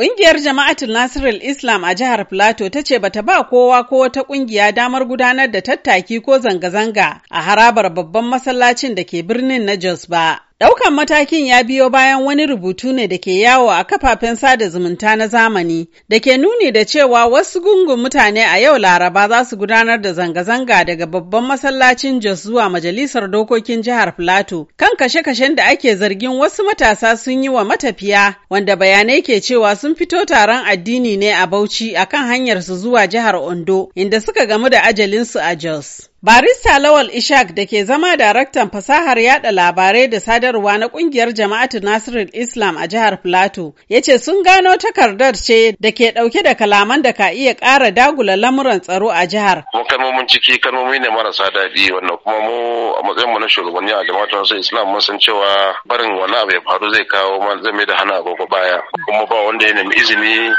Ƙungiyar Jama'atul Nasirul Islam a jihar Filato ta ce bata ba kowa ko wata ƙungiya damar gudanar da tattaki ko zanga-zanga a harabar babban masallacin da ke birnin na Jos ba. Daukan matakin ya biyo bayan wani rubutu ne da ke yawo a kafafen sada zumunta na zamani da ke nuni da cewa wasu gungun mutane a yau Laraba za su gudanar da zanga-zanga daga babban masallacin Jos zuwa Majalisar Dokokin Jihar Filato kan kashe-kashen da ake zargin wasu matasa sun yi wa matafiya wanda bayanai ke cewa sun fito taron addini ne a Bauchi akan hanyar su zuwa jihar Ondo inda suka gamu da ajalinsu a Jos. Barista Lawal Ishak da ke zama daraktan fasahar yada labarai da sadarwa na kungiyar jama'atu Nasirul Islam a jihar Filato ya ce sun gano takardar ce da ke dauke da kalaman da ka iya kara dagula lamuran tsaro a jihar. Mu kalmomin ciki kalmomi ne marasa daɗi wannan kuma mu a matsayin mu na shugabanni a jama'atu Nasirul Islam mun san cewa barin wani abu ya faru zai kawo zai mai da hana gobe baya kuma ba wanda ya nemi izini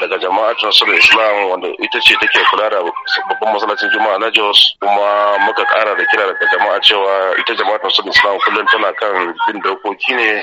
daga jama'atun sul islam wanda ita ce take kula da babban masallacin juma'a na jos kuma muka kara da kira daga jama'a cewa ita jama'atun sul islam kullum tana kan bin dokoki ne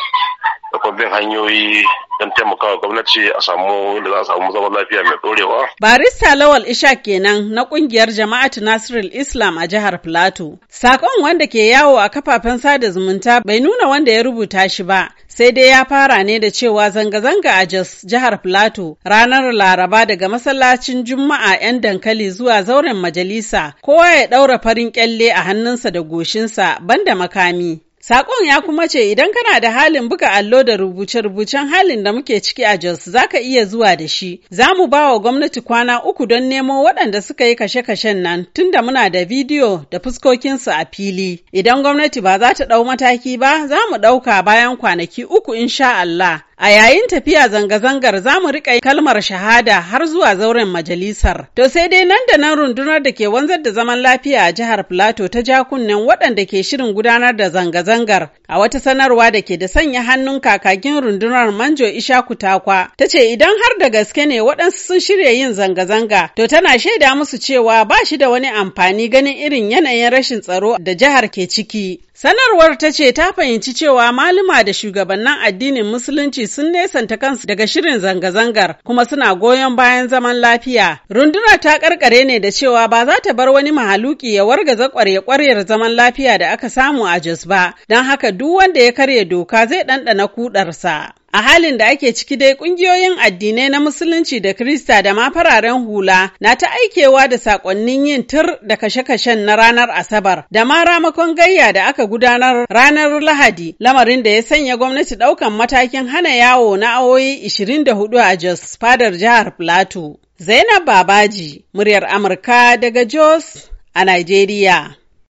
sababbin hanyoyi don taimakawa gwamnati a samu da za a samu zaman lafiya mai ɗorewa. Barista Lawal Isha kenan na ƙungiyar Jama'at Nasirul Islam a jihar Filato. Sakon wanda ke yawo a kafafen sada zumunta bai nuna wanda ya rubuta shi ba, sai dai ya fara ne da cewa zanga-zanga a Jos jihar Filato ranar Laraba daga masallacin Juma'a 'yan dankali zuwa zauren majalisa kowa ya ɗaura farin kyalle a hannunsa da goshinsa banda makami. Sakon ya kuma ce idan kana da halin buga allo da rubuce-rubucen halin da muke ciki a Jos za ka iya zuwa da shi. Za mu ba wa gwamnati kwana uku don nemo waɗanda suka yi kashe-kashen nan tun da muna da bidiyo da fuskokinsu a fili. Idan gwamnati ba za ta ɗau mataki ba za mu ɗauka bayan kwanaki uku insha Allah. A yayin tafiya zanga-zangar za mu riƙa kalmar shahada har zuwa zauren majalisar. To sai dai nan da nan rundunar da ke wanzar da zaman lafiya a jihar Filato ta ja kunnen waɗanda ke shirin gudanar da zanga-zangar. A wata sanarwa da ke da sanya hannun kakakin rundunar Manjo Ishaku Takwa ta ce idan har da gaske ne waɗansu sun shirya yin zanga-zanga to tana shaida musu cewa ba shi da wani amfani ganin irin yanayin rashin tsaro da jihar ke ciki. Sanarwar ta ce ta fahimci cewa maluma da shugabannin addinin musulunci sun nesanta kansu daga shirin zanga-zangar kuma suna goyon bayan zaman lafiya. Runduna ta karkare ne da cewa ba za ta bar wani mahaluki ya wargaza kwarye-kwaryar zaman lafiya da aka samu a Jos ba, don haka duk wanda ya karya doka zai ɗanɗana kudarsa. A halin da ake ciki dai kungiyoyin addinai na Musulunci da Krista da ma fararen hula na ta aikewa da sakonnin yin tur da kashe-kashen na ranar Asabar da ma ramakon gayya da aka gudanar ranar Lahadi lamarin da ya sanya gwamnati ɗaukan matakin hana yawo na awoyi 24 a Jos fadar jihar Plateau. Zainab Babaji, muryar Amurka daga Jos a Nigeria.